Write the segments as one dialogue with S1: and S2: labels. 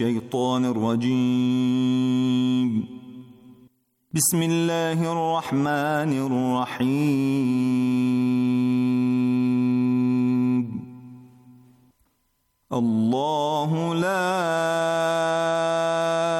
S1: الشيطان الرجيم بسم الله الرحمن الرحيم الله لا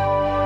S2: Bye.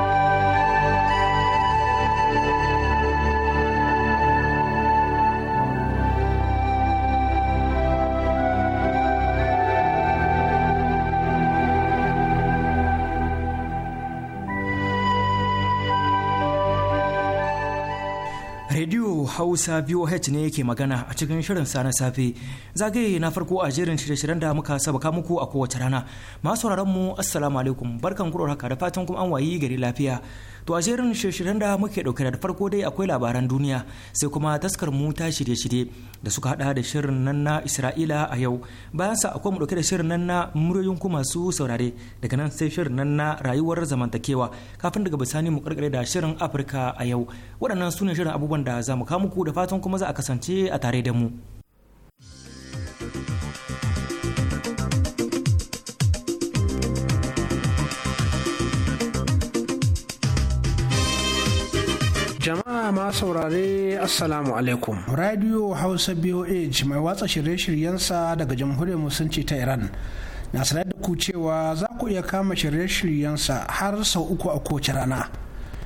S3: Hausa VOH ne yake magana a cikin shirin sa na safe. Zagaye na farko a jerin shirye-shiryen da muka sabaka muku a kowace rana. Masu mu Assalamu alaikum barkan ku haka da fatan kuma an wayi gari lafiya. To a jerin shirye-shiryen da muke dauke da farko dai akwai labaran duniya sai kuma taskar mu ta shirye-shirye da suka hada da shirin nan na Isra'ila a yau. Bayan sa akwai mu dauke da shirin nan na muryoyin ku masu saurare daga nan sai shirin nan na rayuwar zamantakewa kafin daga bisani mu karkare da shirin Afirka a yau. Waɗannan su ne shirin abubuwan da za mu taimaka muku da fatan kuma za a kasance a tare da mu.
S4: Jama'a ma
S5: saurare Assalamu alaikum. Radio Hausa BOH mai watsa shirye-shiryensa daga Jamhuriyar Musulunci ta Iran. Na sanar da ku cewa za ku iya kama shirye-shiryensa har sau uku a kowace rana.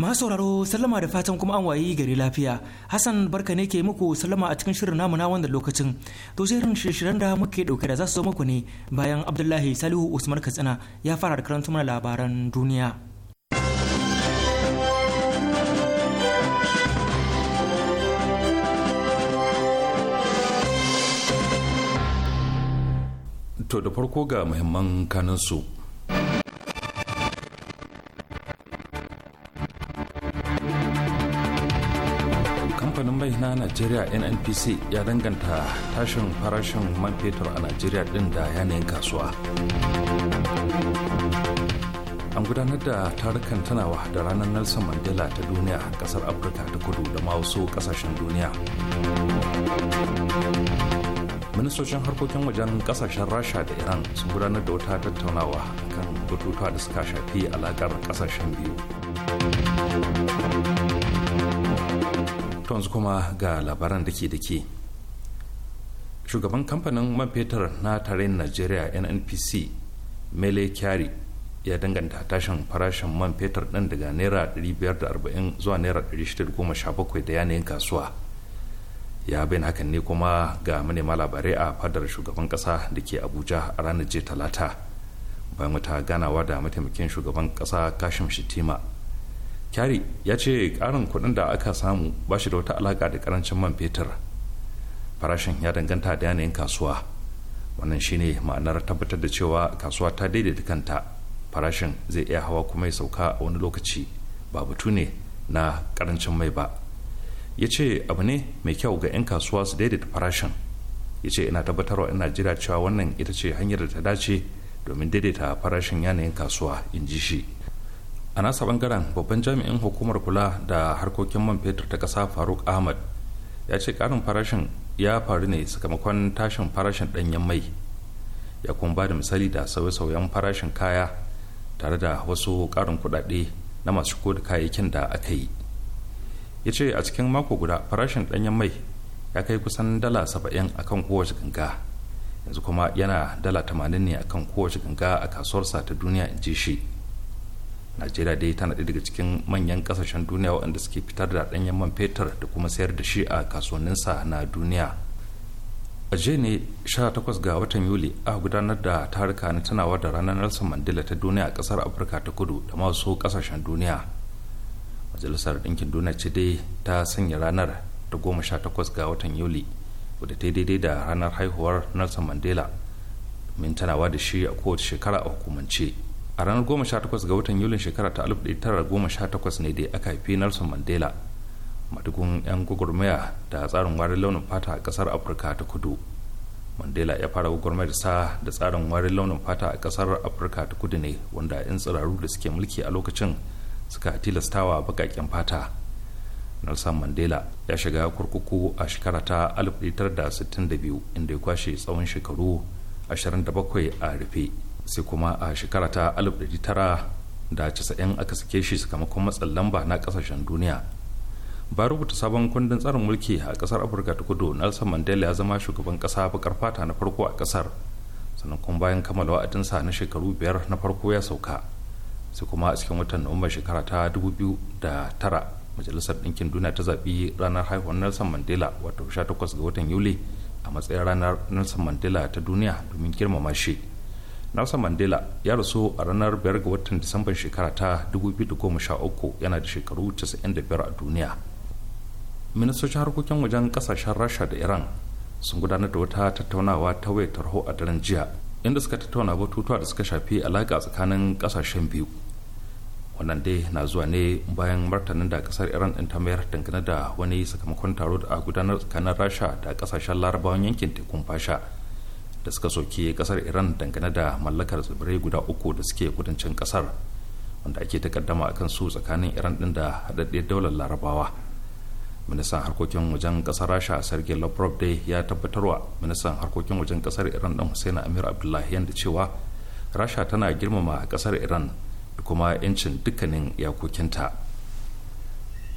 S3: masu sauraro sallama da fatan kuma an wayi gari lafiya hassan barka ne ke muku sallama a cikin shirin namu na wannan lokacin to shirin shirin da muke dauke da za su zo muku ne bayan abdullahi salihu usman katsina ya fara da karanta mana labaran duniya
S6: to da farko ga muhimman kanansu na najeriya nnpc ya danganta tashin farashin man fetur a najeriya din da yanayin kasuwa an gudanar da tarukan tunawa da ranar nelson mandela ta duniya a kasar afirka ta kudu da ma wasu kasashen duniya ministocin harkokin wajen kasashen rasha da iran sun gudanar da wata tattaunawa kan batutuwa da suka shafi alakar kasashen biyu to yanzu kuma ga labaran da ke da ke shugaban kamfanin man fetur na tarayyar najeriya nnpc mele kyari ya danganta tashin farashin man fetur ɗin daga naira 540 zuwa naira 617 da yanayin kasuwa ya bayyana hakan ne kuma ga manema labarai a fadar shugaban kasa da ke abuja a ranar jiya talata bayan wata ganawa da mataimakin shugaban kasa kashim shitima kyari ya ce karin kuɗin da aka samu ba shi da wata alaka da karancin man fetur farashin ya danganta da yanayin kasuwa wannan shine ma'anar tabbatar da cewa kasuwa ta daidaita kanta farashin zai iya hawa kuma ya sauka a wani lokaci ba batu ne na karancin mai ba ya ce abu ne mai kyau ga 'yan kasuwa su daidaita farashin ya ce ina tabbatarwa ina jira cewa wannan ita ce hanyar da ta dace domin daidaita farashin yanayin kasuwa in ji shi a nasa bangaren babban jami'in hukumar kula da harkokin man fetur ta kasa faruk ahmad ya ce karin farashin ya faru ne sakamakon tashin farashin ɗanyen mai ya kuma ba da misali da sauye-sauyen farashin kaya tare da wasu karin kudade na masu shigo da kayayyakin da aka yi ya ce a cikin mako guda farashin ɗanyen mai ya kai kusan dala saba'in a kan kowace ganga yanzu kuma yana dala tamanin ne a kan kowace ganga a kasuwarsa ta duniya in ji shi najeriya dai tana ɗaya daga cikin manyan ƙasashen duniya waɗanda suke fitar da ɗanyen man fetur da kuma sayar da shi a kasuwanninsa na duniya a jiya ne 18 ga watan yuli a gudanar da taruka na tunawa da ranar nelson mandela ta duniya a ƙasar afirka ta kudu da masu ƙasashen duniya majalisar ɗinkin duniya ce dai ta sanya ranar ta goma sha takwas ga watan yuli wadda ta daidai da ranar haihuwar nelson mandela domin tunawa da shi a kowace shekara a hukumance a ranar 18 ga watan yulin shekara ta 1918 ne dai aka haifi nelson mandela madugun 'yan gwagwarmaya da tsarin warin launin fata a kasar afirka ta kudu mandela ya fara gwagwarmayar sa da tsarin warin launin fata a kasar afirka ta kudu ne wanda 'yan tsiraru da suke mulki a lokacin suka tilastawa bakaken fata nelson mandela ya shiga kurkuku a shekara ta 1962 inda ya kwashe tsawon shekaru 27 a rufe sai kuma a shekara ta 1990 aka sake shi sakamakon matsin lamba na kasashen duniya ba rubuta sabon kundin tsarin mulki a kasar afirka ta kudu nelson mandela ya zama shugaban kasa bakar fata na farko a kasar sannan kuma bayan kammala wa'adinsa na shekaru biyar na farko ya sauka sai kuma a cikin watan nuwamba shekara ta 2009 majalisar ɗinkin duniya ta zaɓi ranar haihuwar nelson mandela wato 18 ga watan yuli a matsayin ranar nelson mandela ta duniya domin girmama shi nelson mandela ya rasu a ranar 5 ga watan disamban shekara ta 2013 yana da shekaru 95 a duniya ministocin harkokin wajen kasashen rasha da iran sun gudanar da wata tattaunawa ta waya tarho a daren jiya inda suka tattauna batutuwa da suka shafi alaƙa tsakanin kasashen biyu wannan dai na zuwa ne bayan martanin da kasar iran ɗin ta mayar dangane da wani sakamakon taro da a gudanar tsakanin rasha da kasashen larabawan yankin tekun fasha da suka soke kasar iran dangane da mallakar tsibirai guda uku da suke kudancin kasar wanda ake takaddama a su tsakanin iran din da haɗaɗɗiyar daular larabawa ministan harkokin wajen kasar rasha sergei lavrov dai ya tabbatarwa ministan harkokin wajen kasar iran din hussein amir abdullahi yanda cewa rasha tana girmama kasar iran da kuma 'yancin dukkanin yakokinta.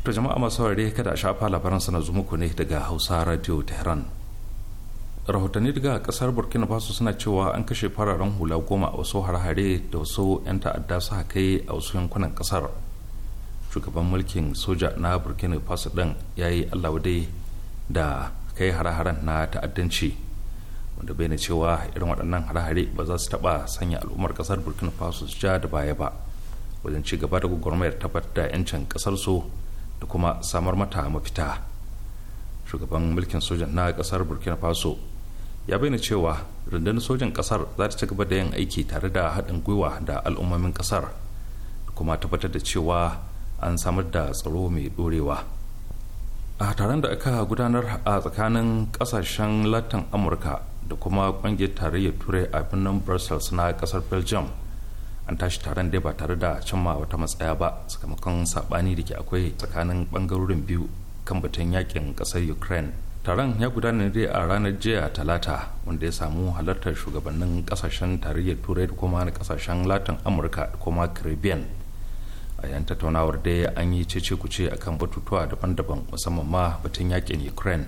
S6: to jama'a masu kada a shafa labaran sana zumuku ne daga hausa radio tehran rahotanni daga kasar burkina faso suna cewa an kashe fararen hula goma a wasu harhare da wasu 'yan ta'adda su kai a wasu yankunan kasar shugaban mulkin soja na burkina faso din ya yi allawadai da kai harharen na ta'addanci wanda bai na cewa irin waɗannan harhare ba za su taɓa sanya al'ummar kasar burkina faso su ja da baya ba wajen ci gaba da gwagwarmayar tabbatar da 'yancin kasar su da kuma samar mata mafita shugaban mulkin soja na kasar burkina faso ya bayyana cewa rundunar sojan kasar za ta ci gaba da yin aiki tare da haɗin gwiwa da al'ummomin kasar kuma tabbatar da cewa an samar da tsaro mai ɗorewa a taron da aka gudanar a tsakanin ƙasashen latin amurka da kuma ƙungiyar tarayyar turai a birnin brussels na ƙasar belgium an tashi taron dai ba tare da cimma wata matsaya ba sakamakon saɓani da ke akwai tsakanin ɓangarorin biyu kan batun yakin ƙasar ukraine taron ya gudana ne a ranar jiya talata wanda ya samu halartar shugabannin kasashen tarayyar turai da kuma kasashen latin amurka da kuma caribbean a yan tattaunawar dai an yi cece kuce kan batutuwa daban-daban musamman ma batun yakin ukraine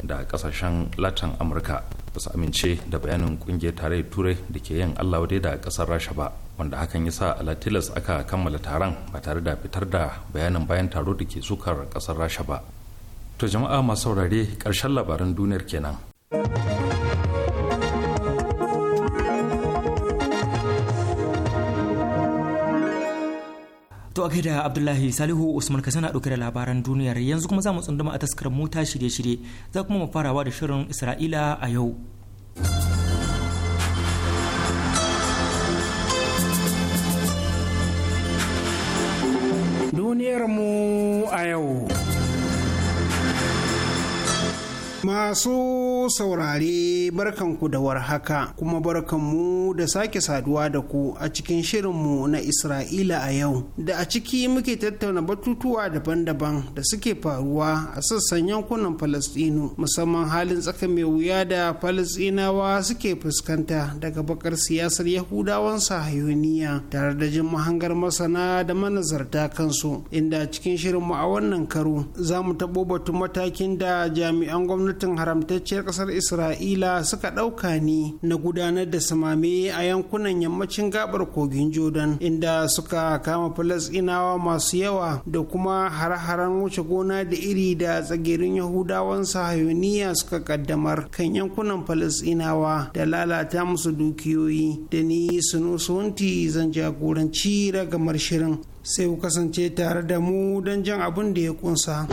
S6: inda kasashen latin amurka ba su amince da bayanin kungiyar tarayyar turai da ke yin allah wadai da kasar rasha ba wanda hakan ya sa alatilas aka kammala taron ba tare da fitar da bayanin bayan taro da ke sukar kasar rasha ba to jama'a masu saurare ƙarshen labaran duniyar kenan.
S3: To a gaida Abdullahi Salihu Usman ka sana ɗauke da labaran duniyar yanzu kuma za mu tsunduma a taskar mota shirye-shirye za kuma mu farawa da shirin Isra'ila a yau.
S5: duniyar mu a yau.
S7: Masu saurare barkanku da warhaka kuma barkanmu da sake saduwa da ku a cikin shirinmu na Isra'ila a yau da a ciki muke tattauna batutuwa daban-daban da suke faruwa a sassan yankunan Falasɗinu musamman halin tsaka mai wuya da Falasɗinawa suke fuskanta daga bakar siyasar Yahudawan sahayoniya tare da jin mahangar masana da manazarta kansu inda cikin shirinmu a wannan karo za mu taɓo batun matakin da jami'an gwamnati gwamnatin haramtacciyar kasar isra'ila suka ɗauka ni na gudanar da samame a yankunan yammacin gabar kogin jordan inda suka kama falasɗinawa masu yawa da kuma har-haren wuce gona da iri da tsagerin yahudawan sahayoniya suka kaddamar kan yankunan falasɗinawa da lalata musu dukiyoyi da ni sunusunti zan jagoranci ragamar shirin sai ku kasance tare da mu don jan abin da ya kunsa.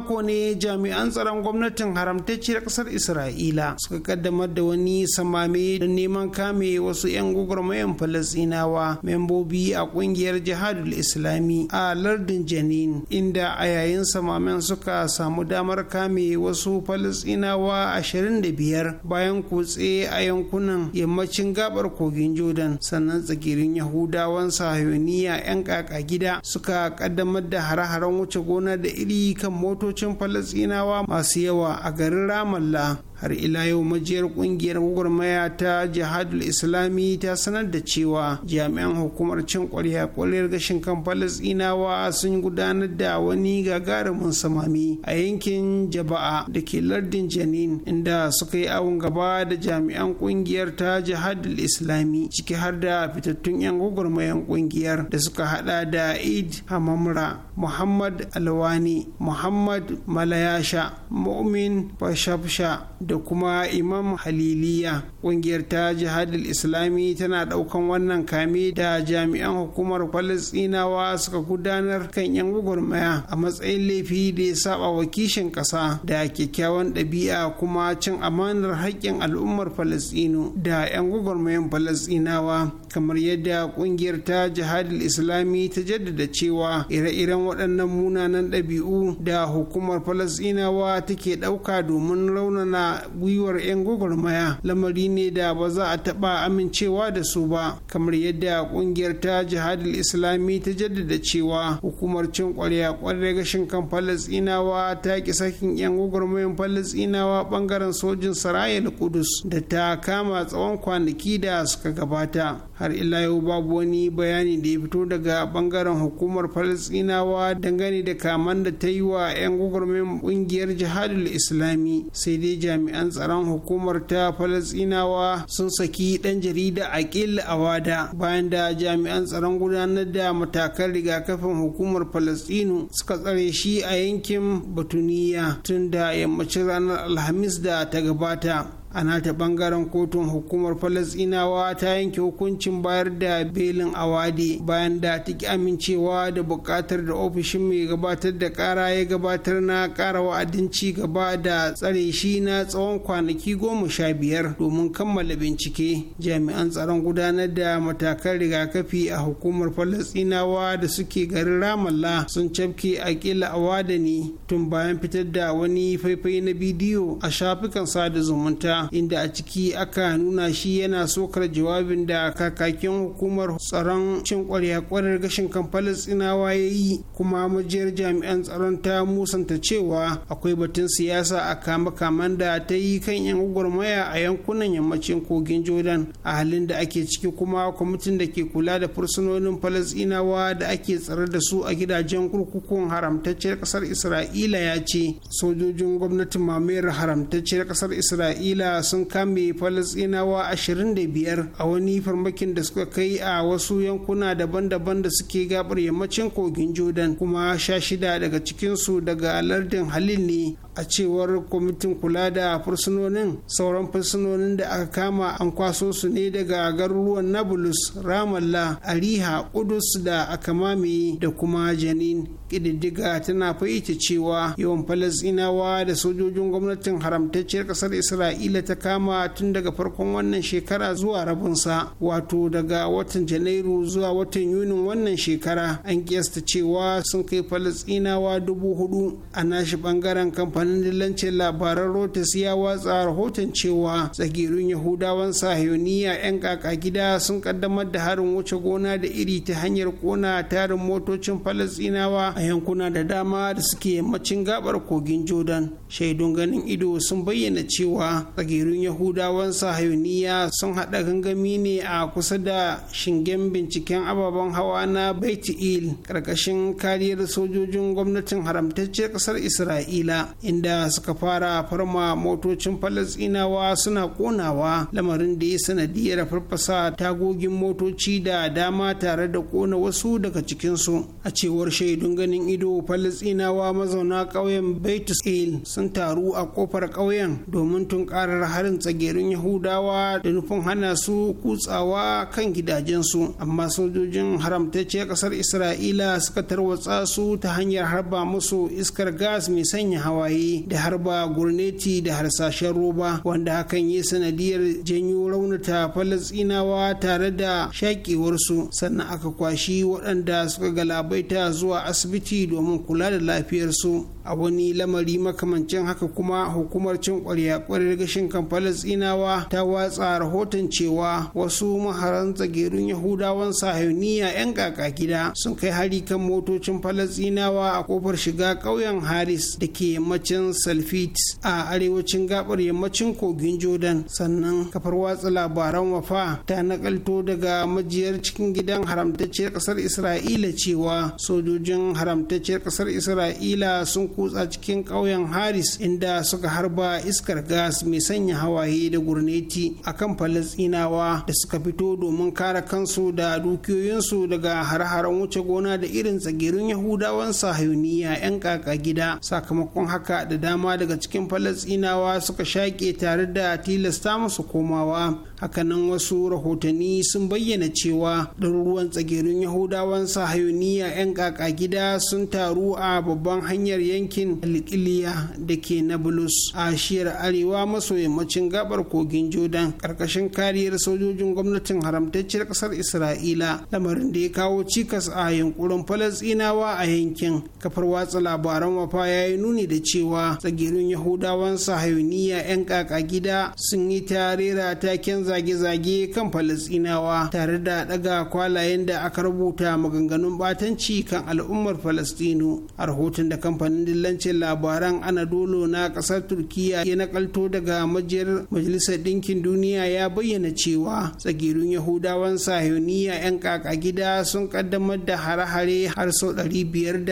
S7: mako ne jami'an tsaron gwamnatin haramtacciyar ƙasar isra'ila suka kaddamar da wani samame don neman kame wasu 'yan gwagwarmayan falasinawa membobi a ƙungiyar jihadul islami a lardin janin inda a yayin samamen suka samu damar kame wasu falasinawa 25 bayan kutse a yankunan yammacin gabar kogin jordan sannan tsakirin yahudawan sahayoniya 'yan kaka gida suka kaddamar da hare-haren wuce gona da iri kan moto gwamnatocin falasinawa masu yawa a garin ramallah har ila yau majiyar kungiyar gwagwarmaya ta jihadul islami ta sanar da cewa jami'an hukumar cin kwarya kwarar gashin kan Falasdinawa sun gudanar da wani gagarumin samami a yankin jaba'a da ke lardin janin inda suka yi awon gaba da jami'an kungiyar ta jihadul islami ciki har da fitattun 'yan gwagwarmayan kungiyar da suka hada da id hamamra muhammad alwani muhammad malayasha mu'min bashabsha da kuma imam haliliya ƙungiyar ta jihadul islami tana ɗaukan wannan kame da jami'an hukumar falastinawa suka gudanar kan 'yan gwagwarmaya a matsayin laifi da ya saba wa kishin ƙasa da kyakkyawan ɗabi'a kuma cin amanar haƙƙin al'ummar falastinu da 'yan gwagwarmayan falastinawa kamar yadda ƙungiyar ta jihadul islami ta jaddada cewa ire-iren waɗannan munanan ɗabi'u da hukumar falastinawa take ɗauka domin raunana gwiwar 'yan gwagwarmaya lamari ne da ba za a taɓa amincewa da su ba kamar yadda ƙungiyar ta jihadul islami ta jaddada cewa hukumar cin ƙwarya kwarai gashin kan falasinawa ta ki sakin 'yan gwagwarmayan falasinawa bangaren sojin sarayar kudus da ta kama tsawon kwanaki da suka gabata har ila yau babu wani bayani da ya fito daga bangaren hukumar falasinawa dangane da kaman da ta yi wa 'yan gwagwarmayin kungiyar jihadul islami sai dai jami'an tsaron hukumar ta falasinawa sun saki dan jarida a akil wada bayan da jami'an tsaron gudanar da matakan rigakafin hukumar falasinu suka tsare shi a yankin batuniya tun da yammacin ranar alhamis da ta gabata a nata bangaren kotun hukumar falasinawa ta yanke hukuncin bayar da belin awade bayan da ta ki amincewa da bukatar da ofishin mai gabatar da kara ya gabatar na kara wa'adin ci gaba da tsare shi na tsawon kwanaki goma sha biyar domin kammala bincike jami'an tsaron gudanar da matakan rigakafi a hukumar falasinawa da suke garin ramallah sun cafke akila awada ne tun bayan fitar da wani faifai na bidiyo a shafukan sada zumunta inda a ciki aka nuna shi yana sokar jawabin da kakakin hukumar tsaron cin kwarya kwarar gashin kan Falastinawa ya yi kuma majiyar jami'an tsaron ta musanta cewa akwai batun siyasa a kama-kaman da ta yi kan 'yan gwagwarmaya a yankunan yammacin kogin Jordan a halin da ake ciki kuma kwamitin da ke kula da fursunonin Falastinawa da ake tsare da su a gidajen kurkukun haramtacciyar kasar Isra'ila ya ce sojojin gwamnatin mamayar haramtacciyar kasar Isra'ila sun kame falasinawa 25 a wani farmakin da suka kai a wasu yankuna daban-daban da suke gabar yammacin kogin jordan kuma sha shida daga cikinsu daga lardin halil ne a cewar kwamitin kula da fursunonin sauran fursunonin da aka kama an kwaso su ne daga garuruwan nablus ramallah ariha kudus da akamami da kuma janin ƙididdiga tana fahimta cewa yawan falasinawa da sojojin gwamnatin haramtacciyar ƙasar isra'ila ta kama tun daga farkon wannan shekara zuwa rabinsa wato daga watan janairu zuwa watan yunin wannan shekara an kiyasta cewa sun kai falasinawa dubu hudu a nashi ɓangaren kamfanin kamfanin dillancin labaran Rotas ya watsa rahoton cewa tsagirin Yahudawan sahiyoniya 'yan kaka gida sun kaddamar da harin wuce gona da iri ta hanyar kona tarin motocin Falasɗinawa a yankuna da dama da suke yammacin gabar kogin Jordan. Shaidun ganin ido sun bayyana cewa tsagirin Yahudawan sahiyoniya sun haɗa gangami ne a kusa da shingen binciken ababen hawa na baiti Il karkashin kariyar sojojin gwamnatin haramtacciyar ƙasar Isra'ila. inda suka fara farma motocin falasinawa suna konawa lamarin da ya sanadiyar farfasa tagogin motoci da dama tare da kona wasu daga cikinsu a cewar shaidun ganin ido falasinawa mazauna ƙauyen baitus il sun taru a kofar ƙauyen domin tunkarar harin tsagerin yahudawa da nufin hana su kutsawa kan gidajensu amma sojojin haramtacciyar ƙasar isra'ila suka tarwatsa su ta hanyar harba musu iskar gas mai sanya hawaye tsuntsaye da harba gurneti da harsashen roba wanda hakan yi sanadiyar janyo raunata falasinawa tare da shakewarsu sannan aka kwashi waɗanda suka galabaita zuwa asibiti domin kula da lafiyarsu a wani lamari makamancin haka kuma hukumar cin ƙwarya ƙwarar gashin kan falasinawa ta watsa rahoton cewa wasu maharan tsagerun yahudawan sahauniya 'yan kaka gida sun kai hari kan motocin falasinawa a kofar shiga ƙauyen haris da ke mace. yammacin salfit a arewacin gabar yammacin kogin jordan sannan kafar watsa labaran wafa ta nakalto daga majiyar cikin gidan haramtacciyar kasar isra'ila cewa sojojin haramtacciyar kasar isra'ila sun kutsa cikin ƙauyen haris inda suka harba iskar gas mai sanya hawaye da gurneti kan falasinawa da suka fito domin kare kansu da dukiyoyinsu daga hare-haren wuce gona da irin tsagirin yahudawan sahayuniya 'yan kaka gida sakamakon haka da dama daga cikin falasinawa suka shaƙe tare da tilasta musu komawa hakanan wasu rahotanni sun bayyana cewa ɗaruruwan tsagerun yahudawan sahayoniya 'yan ƙaƙa gida sun taru a babban hanyar yankin alkiliya da ke na bulus a shiyar arewa maso yammacin gabar kogin jordan ƙarƙashin kariyar sojojin gwamnatin haramtacciyar ƙasar isra'ila lamarin da ya kawo cikas a yunkurin falasɗinawa a yankin kafar watsa labaran wafa ya yi nuni da cewa tsagerun yahudawan sahayoniya 'yan kaka gida sun yi ta rera taken zage-zage kan falasɗinawa tare da ɗaga kwalayen da aka rubuta maganganun batanci kan al'ummar falasɗinu a rahoton da kamfanin dillancin labaran anadolu na ƙasar turkiya ya nakalto daga majiyar majalisar ɗinkin duniya ya bayyana cewa tsagerun yahudawan sahiyoniya 'yan kaka gida sun kaddamar da hare-hare har sau da 525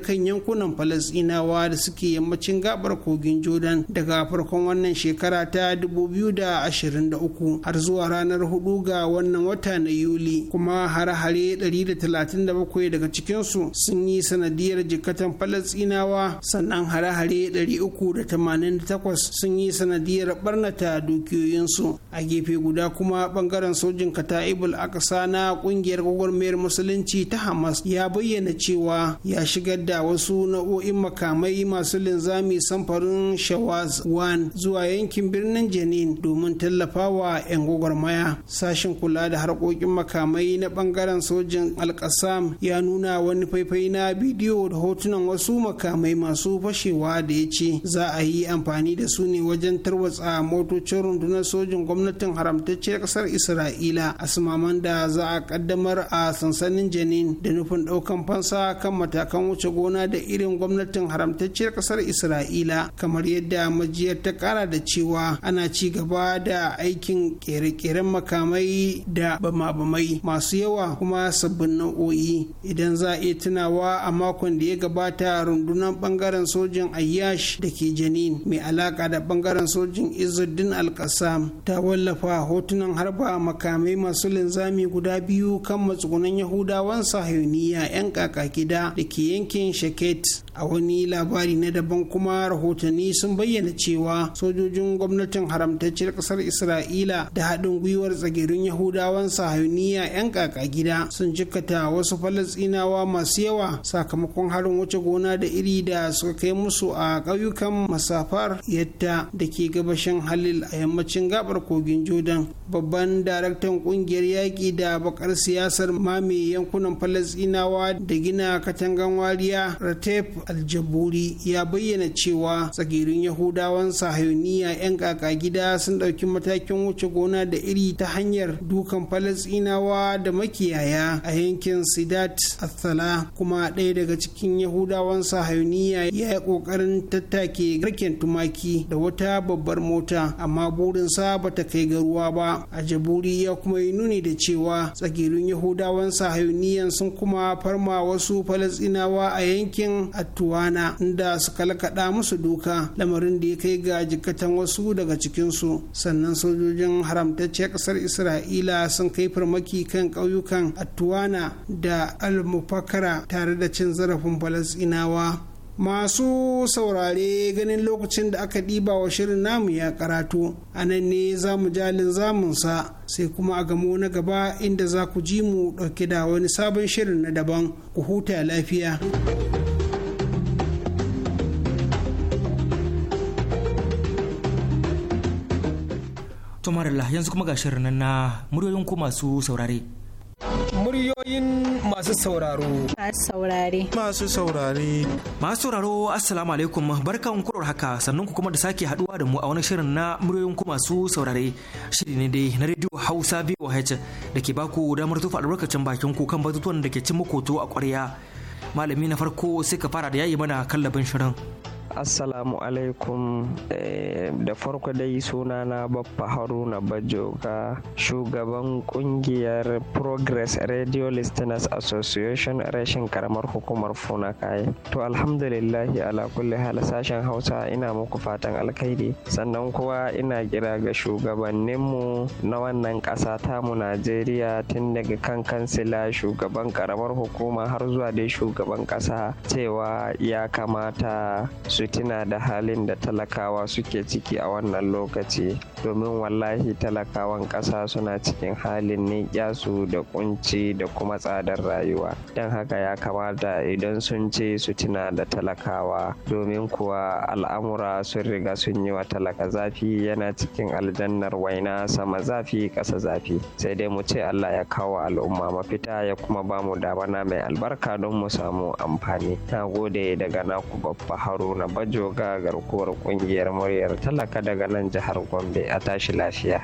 S7: kan yankunan falasɗinawa da suke yammacin gabar kogin jordan daga farkon wannan shekara ta 2020 har zuwa ranar 4 ga wannan wata na Yuli kuma har-hare 137 daga cikinsu sun yi sanadiyar jikatan falasinawa sannan har-hare 388 sun yi sanadiyar barnata dukiyoyinsu a gefe guda kuma bangaren sojin Kata'ibul Aqsa na kungiyar gwagwarmayar musulunci ta Hamas ya bayyana cewa ya shigar da wasu nau'o'in makamai masu linzami samfarin Shawaz 1 zuwa yankin birnin Jenin domin tallafa tallafawa 'yan gwagwarmaya sashen kula da harkokin makamai na bangaren sojin alkasam ya nuna wani faifai na bidiyo da hotunan wasu makamai masu fashewa da ya ce za a yi amfani da su ne wajen tarwatsa motocin rundunar sojin gwamnatin haramtacciyar kasar isra'ila a sumaman da za a kaddamar a sansanin janin da nufin daukan fansa kan matakan wuce gona da irin gwamnatin haramtacciyar kasar isra'ila kamar yadda majiyar ta kara da cewa ana ci gaba da aikin kere-keren makamai da bama-bamai masu yawa kuma sabbin nau'o'i idan za a iya tunawa a makon da ya gabata rundunar bangaren sojin ayyash da ke janin mai alaka da bangaren sojin izuddin alkasam ta wallafa hotunan harba makamai masu linzami guda biyu kan matsugunan yahudawan sahiyoniya 'yan gida da ke yankin sheket. a wani labari na daban kuma rahotanni sun bayyana cewa sojojin gwamnatin haramtacciyar ƙasar isra'ila da haɗin gwiwar tsagirin yahudawan sahayuniya 'yan kaka gida sun jikkata wasu falastinawa masu yawa sakamakon harin wuce gona da iri da suka kai musu a ƙauyukan masafar yadda da ke gabashin halil a yammacin gabar kogin jordan babban daraktan ƙungiyar yaƙi da bakar siyasar mame yankunan falastinawa da gina katangan wariya ratef aljaburi ya bayyana cewa tsagirin yahudawan sahayoniya 'yan kaka gida sun ɗauki matakin wuce gona da iri ta hanyar dukan falasinawa da makiyaya a yankin sidat asala. kuma ɗaya daga cikin yahudawan sahayoniya ya yi ƙoƙarin tattake garken tumaki da wata babbar mota amma burinsa ba ta kai ga ruwa ba a ya kuma yi nuni da cewa tsagirin yahudawan sahayuniyan sun kuma farma wasu falasinawa a yankin at Tuwana inda suka lakaɗa musu duka lamarin da ya kai ga jikatan wasu daga cikinsu sannan sojojin haramtacciyar ƙasar Isra'ila sun kai farmaki kan ƙauyukan Tuwana da Almufakara tare da cin zarafin Falasɗinawa. masu saurare ganin lokacin da aka ɗiba wa shirin namu ya karatu a nan ne za mu jalin zamunsa sai kuma a gamo na gaba inda za ku ji mu ɗauke da wani sabon shirin na daban ku huta lafiya.
S3: To yanzu kuma ga shirin na muryoyin ku masu saurare.
S8: Muryoyin masu sauraro. Masu saurare.
S3: Masu saurare. Masu sauraro Assalamu alaikum barkan kurar haka sannan ku kuma da sake haduwa da mu a wani shirin na muryoyin ku masu saurare. Shiri ne dai na rediyo Hausa VOH da ke baku damar tufa albarkacin bakin ku kan batutuwan da ke cin makoto a kwarya Malami na farko sai ka fara da yayi mana kallabin shirin.
S9: assalamu alaikum eh, da farko dai suna na baffa haruna bajoga shugaban kungiyar progress radio listeners association rashin karamar hukumar funakai to alhamdulillahi ala kulli hal sashen hausa ina muku fatan alkhairi sannan kuwa ina kira ga shugabanninmu na wannan ƙasa tamu najeriya tun daga kan kansila shugaban karamar hukuma har zuwa dai shugaban ƙasa cewa ya kamata su tuna da halin da talakawa suke ciki a wannan lokaci domin wallahi talakawan ƙasa suna cikin halin su da kunci da kuma tsadar rayuwa don haka ya kamata idan sun ce su tuna da talakawa domin kuwa al'amura sun riga sun yi wa talaka zafi yana cikin aljannar waina sama zafi ƙasa zafi sai dai mu ce allah ya kawo al'umma mafita ya kuma ba mu damana mai albarka don mu samu amfani na gode daga naku babba haruna bajoga garkuwar kungiyar muryar talaka daga nan jihar gombe a tashi lafiya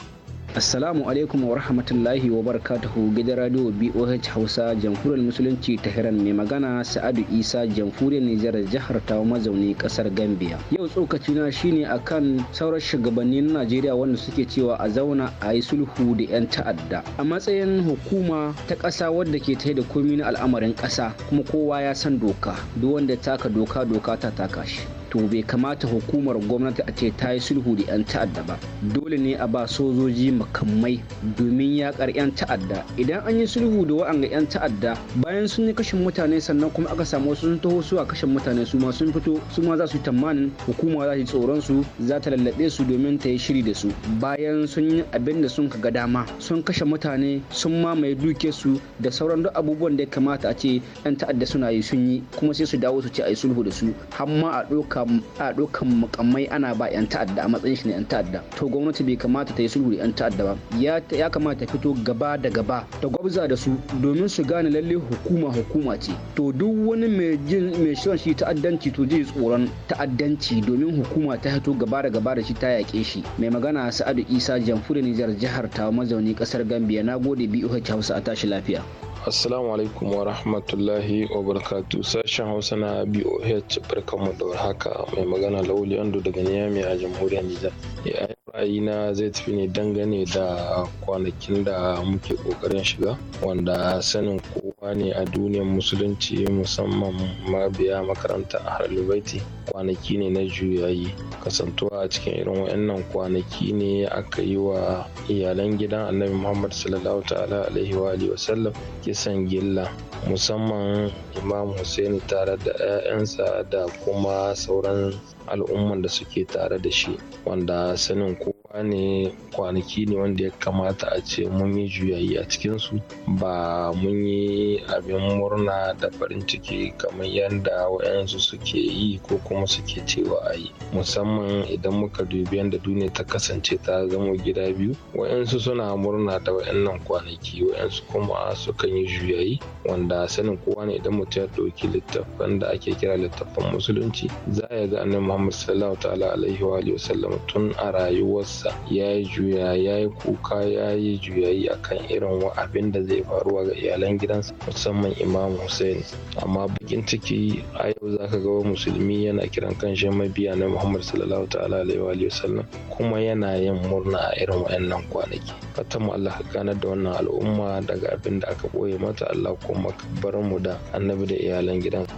S9: Assalamu alaikum wa
S10: rahmatullahi wa barakatuhu gidan radio BOH Hausa Jamhuriyar Musulunci ta hiran mai magana Sa'adu Isa Jamhuriyar Nijar jihar ta mazauni kasar Gambia. Yau tsokacina shine akan sauran na Najeriya wanda suke cewa a zauna a yi sulhu da 'yan ta'adda. A matsayin hukuma ta ƙasa wadda ke ta da komi na al'amarin ƙasa kuma kowa ya san doka duk wanda taka doka doka ta taka shi. to bai kamata hukumar gwamnati a ce ta yi sulhu da 'yan ta'adda ba dole ne a ba sojoji makamai domin yakar 'yan ta'adda idan an yi sulhu da wa'anga 'yan ta'adda bayan sun yi kashin mutane sannan kuma aka samu wasu sun taho suwa kashin mutane su ma sun fito su ma za su yi tamanin hukuma za su yi tsoron su za ta lallaɓe su domin ta yi shiri da su bayan sun yi abin da sun ga dama sun kashe mutane sun mamaye duke su da sauran duk abubuwan da ya kamata a ce 'yan ta'adda suna yi sun yi kuma sai su dawo su ce a yi sulhu da su har ma a ɗauka a ɗaukan mukammai ana ba 'yan ta'adda a matsayin shi ne 'yan ta'adda to gwamnati bai kamata ta yi sulhu 'yan ta'adda ba ya kamata ta fito gaba da gaba ta gwabza da su domin su gane lalle hukuma hukuma ce to duk wani mai jin mai shan shi ta'addanci to zai tsoron ta'addanci domin hukuma ta fito gaba da gaba da shi ta yaƙe shi mai magana sa'adu isa jamfuri nijar jihar ta mazauni kasar gambia
S4: na gode biyu hausa a tashi lafiya Assalamu alaikum wa rahmatullahi wa barakatu sashen Hausa na BOH barkanmu da haka mai magana Lauli Ando daga Niyami a jamhuriyar Nijar. ra'ayina zai tafi ne dangane da kwanakin da muke kokarin shiga wanda sanin kowa ne a duniyar musulunci musamman mabiya makaranta a halibaiti kwanaki ne na juyayi kasantuwa a cikin irin wayannan kwanaki ne aka yi wa iyalan gidan annabi muhammad sallallahu ta'ala alaihi wa alihi kisan gilla musamman imam husaini tare da 'ya'yansa da kuma sauran al'umman da suke tare da shi wanda sanin ko ne kwanaki ne wanda ya kamata a ce mun yi juyayi a cikinsu ba mun yi abin murna da farin ciki kamar yadda wayansu suke yi ko kuma suke cewa a yi musamman idan muka dubi yadda duniya ta kasance ta zama gida biyu wayansu suna murna da wayannan kwanaki wayansu kuma sukan yi juyayi wanda sanin kowa ne idan mutum ya ɗauki littafan da ake kira littafan musulunci za ya ga annabi muhammad sallallahu ta'ala alaihi wa sallam tun a rayuwarsa kansa ya yi juya ya yi kuka ya yi juyayi a kan irin abin da zai faruwa ga iyalan gidansa musamman imam hussein amma bakin ciki a yau za ka ga musulmi yana kiran kan shi mabiya na muhammad sallallahu ta'ala alaihi wa sallam kuma yana yin murna a irin wayannan kwanaki fatan mu allah ka ganar da wannan al'umma daga abin da aka ɓoye mata allah kuma ka bar mu da annabi da iyalan gidansa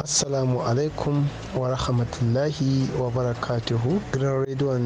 S11: assalamu alaikum wa rahmatullahi wa barakatuhu gidan rediyon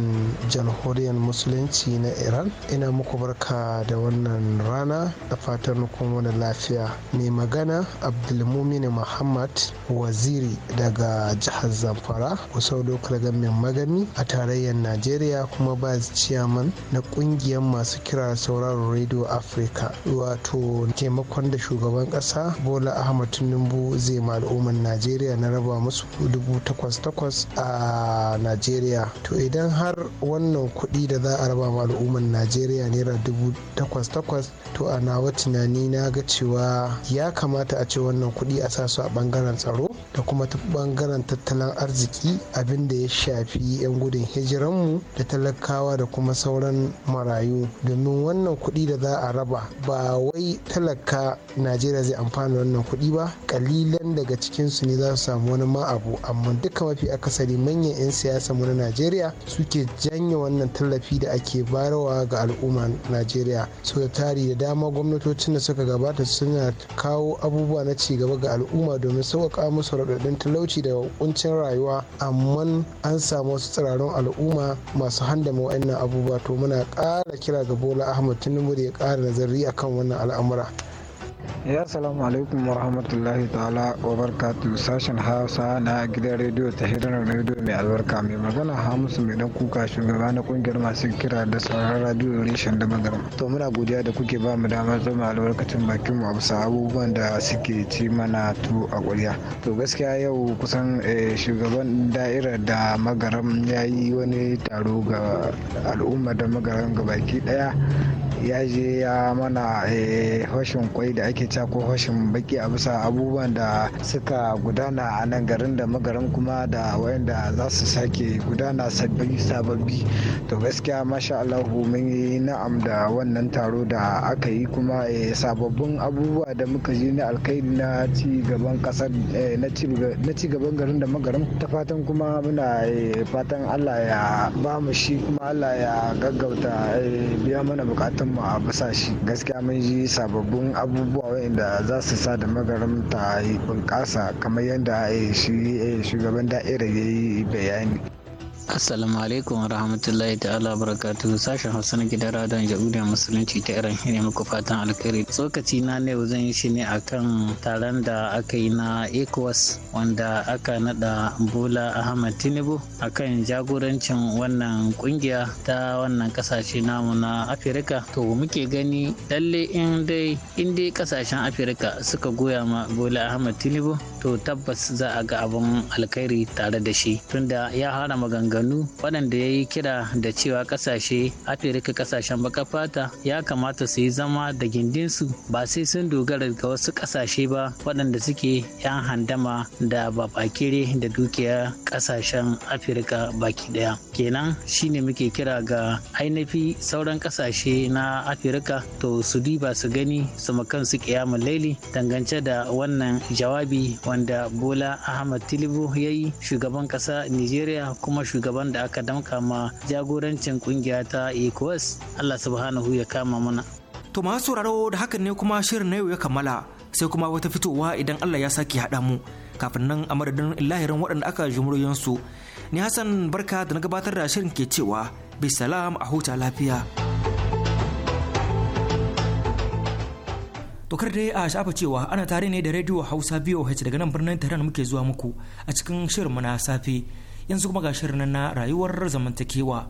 S11: jamhuriyar musulunci na iran ina muku barka da wannan rana da fatan kuma wani lafiya mai magana abdulmumin muhammad waziri daga jihar zamfara kusau dokar gamin magami a tarayyar najeriya kuma ba ciyaman na kungiyar masu kira sauraron radio afirka wato taimakon da shugaban kasa bola ahmad tinubu zai ma Najeriya. najeriya na raba musu dubu takwas takwas a najeriya to idan har wannan kuɗi da za a raba ma al'ummar najeriya naira dubu takwas takwas to a nawa tunani na ga cewa ya kamata a ce wannan kuɗi a sa su a ɓangaren tsaro da kuma ta ɓangaren tattalin arziki abin da ya shafi 'yan gudun hijiranmu da talakawa da kuma sauran marayu domin wannan kuɗi da za a raba ba wai talaka najeriya zai amfana wannan kuɗi ba kalilan daga cikinsu ne za su samu wani ma abu amma duka mafi akasari manyan 'yan siyasa mu na najeriya suke janye wannan tallafi da ake bayarwa ga al'umma najeriya sau da tari da dama gwamnatocin da suka gabata suna kawo abubuwa na ci gaba ga al'umma domin sauƙaƙa musu raɗaɗin talauci da kuncin rayuwa amma an samu wasu tsirarun al'umma masu handama wa'annan abubuwa to muna ƙara kira ga bola ahmad tinubu da ya ƙara nazari akan wannan al'amura
S8: ya salamu alaikum wa rahmatullahi ta'ala wa barkatu sashen hausa na gidan rediyo ta hirar rediyo mai albarka mai magana hamisu mai dan kuka shugaba na kungiyar masu kira da sauran radiyo reshen da magana to muna godiya da kuke ba mu damar zama albarkacin bakinmu mu a bisa abubuwan da suke ci mana tu a ƙwarya to gaskiya yau kusan eh, shugaban da'ira da magaram ya yi wani taro ga al'umma da magaram ga baki daya ya je ya mana hoshin eh, kwai da ake ca ko hoshin baki a bisa abubuwan da suka gudana a nan garin da magarin kuma da wayanda za su sake gudana sabbi sababbi to gaskiya masha allahu mun yi na'am da wannan taro da aka yi kuma eh, sababbin abubuwa da muka ji na alkairi na ci gaban kasar eh, na ci gaban garin da magarin ta fatan kuma muna fatan allah ya ba mu shi kuma allah ya gaggauta biya mana bukatun mu a basashi gaskiya mun ji sababbin abubuwa wadanda za su sa da magarin ta bunƙasa kamar yadda shi eh, shugaban da'irar ya yi bayani Assalamu
S12: alaikum wa rahmatullahi ta'ala barakatuhu sashen Hausa na gidan radon jamhuriyar musulunci ta Iran shine muku fatan alkhairi. Tsokaci na ne zan yi shi ne akan taron da aka yi na ECOWAS wanda aka nada Bola Ahmad Tinubu akan jagorancin wannan kungiya ta wannan kasashe namu na Afirka. To muke gani lalle in dai in dai kasashen Afirka suka goya ma Bola Ahmad Tinubu to tabbas za a ga abun alkhairi tare da shi tunda ya hara maganganu maganganu waɗanda ya yi kira da cewa ƙasashe afirka ƙasashen baka fata ya kamata su yi zama da gindinsu ba sai sun dogara ga wasu ƙasashe ba waɗanda suke 'yan handama da babakire da dukiya ƙasashen afirka baki ɗaya kenan shine muke kira ga ainihi sauran ƙasashe na afirka to su diba su gani su kansu kiyamun laili dangance da wannan jawabi wanda bola ahmad tilibu ya yi shugaban ƙasa nijeriya kuma shugaban shugaban da aka damka ma jagorancin kungiya ta ecowas allah subhanahu ya kama mana
S3: to masu sauraro da hakan ne kuma shirin na yau ya kammala sai kuma wata fitowa idan allah ya sake haɗa mu kafin nan a madadin lahirin waɗanda aka su ni hassan barka da na gabatar da shirin ke cewa salam a huta lafiya tokar dai a shafa cewa ana tare ne da rediyo hausa h daga nan birnin tehran muke zuwa muku a cikin shirin na safe yanzu kuma ga shirin na rayuwar zamantakewa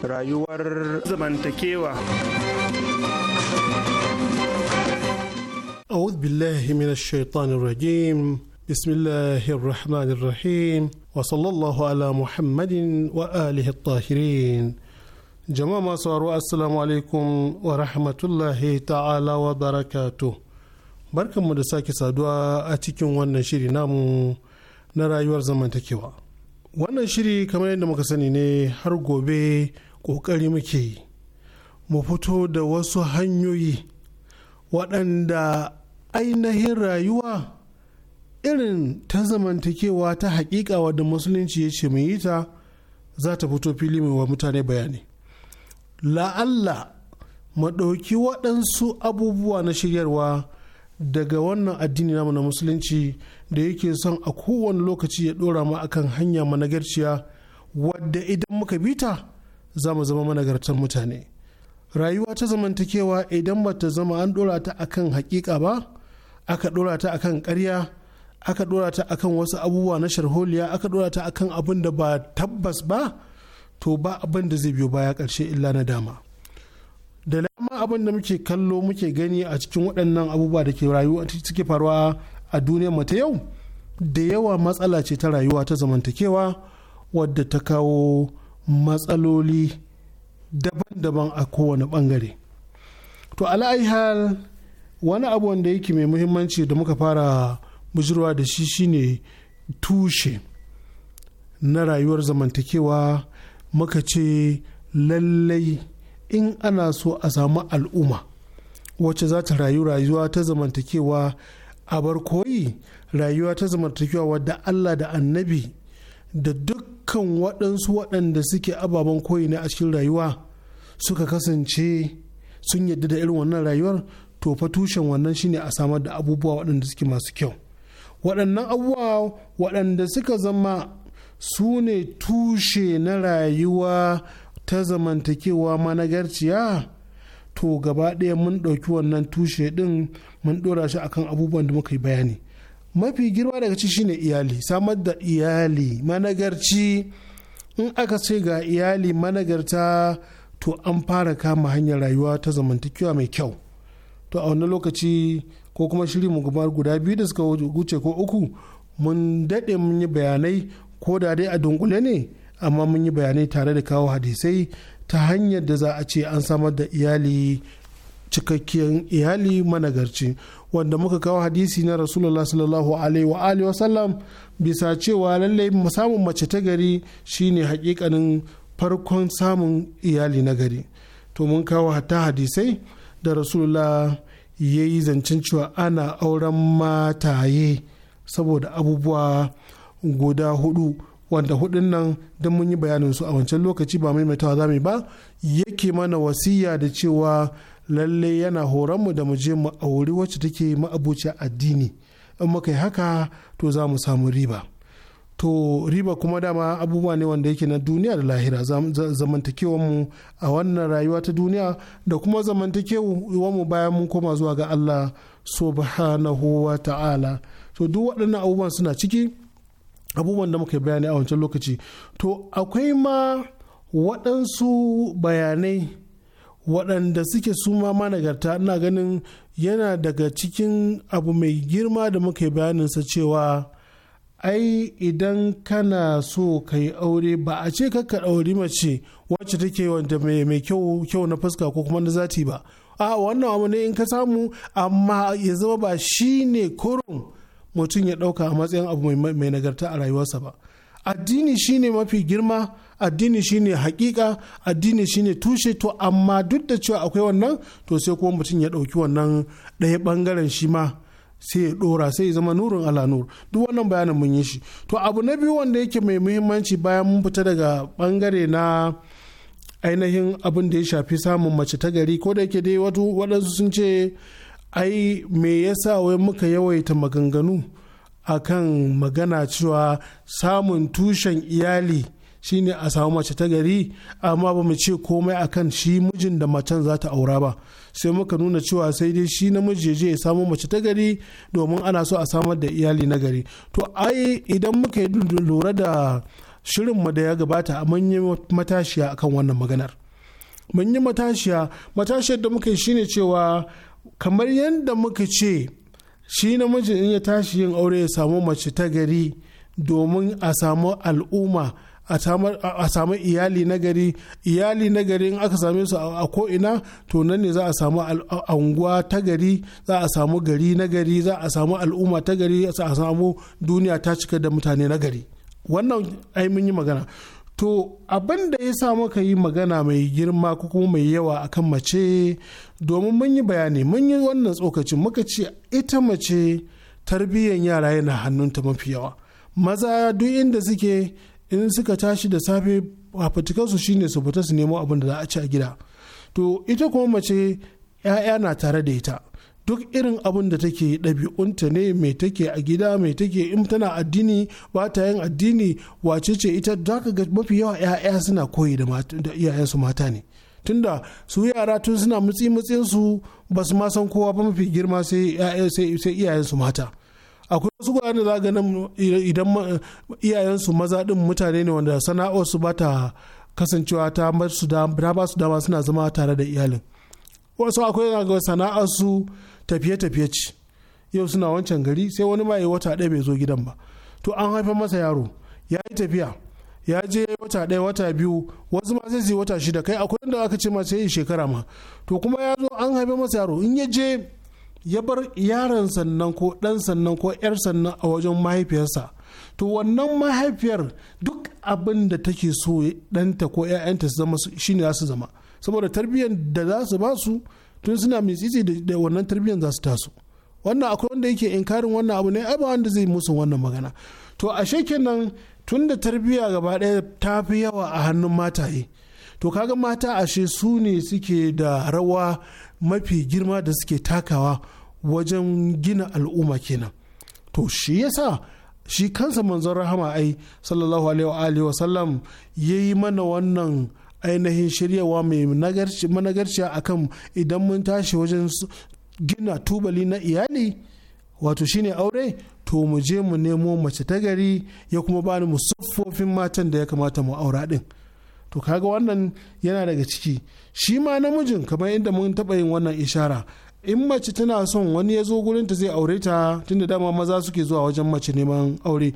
S3: rayuwar zamantakewa
S13: أعوذ بالله من الشيطان الرجيم بسم الله الرحمن الرحيم وصلى الله على محمد وآله الطاهرين جماعة صاروا السلام عليكم ورحمة الله تعالى وبركاته barkanmu da sake saduwa a cikin wannan shiri namu na rayuwar zamantakewa wannan shiri kamar yadda muka sani ne har gobe ƙoƙari muke yi mu fito da wasu hanyoyi waɗanda ainihin rayuwa irin ta zamantakewa ta haƙiƙa wadda musulunci ya ce mai yi ta za ta fito fili mai wa mutane bayani la'alla mu ɗauki waɗansu abubuwa na shiryarwa daga wannan addini namu na musulunci da yake son a kowane lokaci ya dora mu akan hanya managarciya wadda idan muka bi ta za mu zama managartar mutane rayuwa ta zamantakewa idan ba ta zama an dora ta akan hakika ba aka dora ta akan karya aka dora ta akan wasu abubuwa na sharholiya aka dora ta akan abin da ba tabbas ba to ba abin da zai biyo baya ƙarshe illa na dama da lamar abin da muke kallo muke gani a cikin waɗannan abubuwa da ke rayuwa suke faruwa a duniyar mu ta yau da yawa matsala ce ta rayuwa ta zamantakewa wadda ta kawo matsaloli daban-daban a kowane ɓangare to hal wani abu wanda yake mai muhimmanci da muka fara bujirwa da shi shine tushe na rayuwar zamantakewa muka ce lallai in ana so a samu al'umma wacce za ta rayu rayuwa ta zamantakewa a bar koyi rayuwa ta zamantakewa wadda Allah da annabi da dukkan waɗansu waɗanda suke ababen koyi ne a cikin rayuwa suka kasance sun yadda da irin wannan rayuwar to fa tushen wannan shine a samar da abubuwa waɗanda suke masu kyau waɗannan abubuwa waɗanda suka zama su ne tushe na rayuwa ta zamantakewa managarciya to gaba ɗaya mun ɗauki wannan tushe ɗin mun ɗora shi akan abubuwan da muka yi bayani mafi girma daga ci shine iyali samar da iyali managarci in aka ce ga iyali managarta to an fara kama hanyar rayuwa ta zamantakewa mai kyau to a wani lokaci ko kuma shiri mu guda biyu da suka wuce ko uku mun daɗe mun yi bayanai ko da dai a dunkule ne amma mun yi bayanai tare da kawo hadisai ta hanyar da za a ce an samar da iyali cikakkiyar iyali managarci wanda muka kawo hadisi na rasulullah sallallahu alaihi wa alihi wasallam bisa cewa lallai samun mace ta gari shine hakikanin farkon samun iyali na gari to mun kawo hata hadisai da rasulullah ya yi zancen cewa ana auren mataye saboda abubuwa guda hudu wanda hudun nan don mun yi bayanin su a wancan lokaci ba maimaitawa za mu ba yake mana wasiya da cewa lalle yana horon mu da mu je mu auri wacce take ma'abuci addini in muka yi haka to za mu samu riba to riba kuma dama abubuwa ne wanda yake na duniya da lahira zamantakewar mu a wannan rayuwa ta duniya da kuma zamantakewar mu bayan mun koma zuwa ga Allah subhanahu wa ta'ala to duk waɗannan abubuwan suna ciki abubuwan da muka bayani a wancan lokaci to akwai ma waɗansu bayanai waɗanda suke suma ma nagarta ina ganin yana daga cikin abu mai girma da muka bayanin bayaninsa cewa ai idan kana so ka yi aure ba a ce kakka ɗauri mace wacce take wanda mai kyau kyau na fuska ko kuma na zati ba a wannan abu ne in ka samu amma ya zama ba shi ne kurun mutum ya ɗauka a matsayin abu mai nagarta a rayuwarsa ba addini shine mafi girma addini shine hakika addini shine tushe to amma duk da cewa akwai wannan to sai kuma mutum ya ɗauki wannan ɗaya ɓangaren shi ma sai ya ɗora sai ya zama nurin ala nur duk wannan bayanin mun yi shi to abu na biyu wanda yake mai muhimmanci bayan mun fita daga ɓangare na ainihin abin da ya shafi samun mace ta gari ko da yake dai waɗansu sun ce ai me yasa wai muka yawaita maganganu a kan magana cewa samun tushen iyali shine a samu mace ta gari amma ba mu ce komai akan shi mijin da macen za ta aura ba sai muka nuna cewa sai dai shi namiji je ya samu mace ta gari domin ana so a samar da iyali na gari to ai idan muka yi lura da shirinmu da ya gabata a yi matashiya akan wannan maganar mun yi matashiya matashiyar da muka yi shine cewa kamar yadda muka ce shi namiji in ya tashi yin aure ya samu mace ta gari domin a samu al'umma a samu iyali na gari iyali na gari in aka same su a ko'ina to nan ne za a samu anguwa ta gari za a samu gari na gari za a samu al'umma ta gari za a samu duniya ta cika da mutane na gari wannan ai mun yi magana to abin da ya sa muka yi magana mai girma ko kuma mai yawa akan mace domin mun yi bayani mun yi wannan tsokacin muka ce ita mace tarbiyyar yara yana hannunta mafi yawa maza duk inda suke in suka tashi da safe su shine su fita su nemo abin da za a ci a gida to ita kuma mace 'ya'ya na tare da ita duk irin abin da take ɗabi'unta ne mai take a gida mai take in tana addini ba ta yin addini wace ce ita za ka ga mafi yawa 'ya'ya suna koyi da iyayensu mata ne tunda su yara tun suna mutsi mutsinsu su ba su ma san kowa ba mafi girma sai iyayensu mata akwai wasu gwanin da za nan idan iyayensu maza din mutane ne wanda sana'arsu ba ta kasancewa ta ba su dama suna zama tare da iyalin wasu akwai sana'arsu tafiye-tafiye ci yau suna wancan gari sai wani ma ya wata ɗaya bai zo gidan ba to an haifar masa yaro ya yi tafiya ya je wata ɗaya wata biyu wasu ma zai yi wata shida kai akwai da aka ce ma sai shekara ma to kuma ya zo an haife masa yaro in ya je ya bar yaron sannan ko ɗan sannan ko yar sannan a wajen mahaifiyarsa to wannan mahaifiyar duk abin da take so ɗanta ko 'ya'yanta su zama shine za su zama saboda tarbiyyar da za su ba su tun suna tsitsi da wannan tarbiyyar za su taso wannan akwai wanda yake inkarin wannan abu ne ai ba wanda zai musu wannan magana to a ashe nan tun da tarbiyya gaba ɗaya ta fi yawa a hannun mataye to kaga mata ashe su ne suke da rawa mafi girma da suke takawa wajen gina al'umma kenan to shi yasa shi kansa manzon rahama ai sallallahu alaihi wa sallam yayi mana wannan ainihin shiryawa mai managarciya akan idan mun tashi wajen gina tubali na iyali wato shine aure to mu je mu nemo mace ta gari ya kuma bani mu siffofin matan da ya kamata mu aura din to kaga wannan yana daga ciki shi ma namijin kamar inda mun taɓa yin wannan ishara in mace tana son wani ya zo gurinta zai aure ta tunda dama maza suke zuwa wajen mace neman aure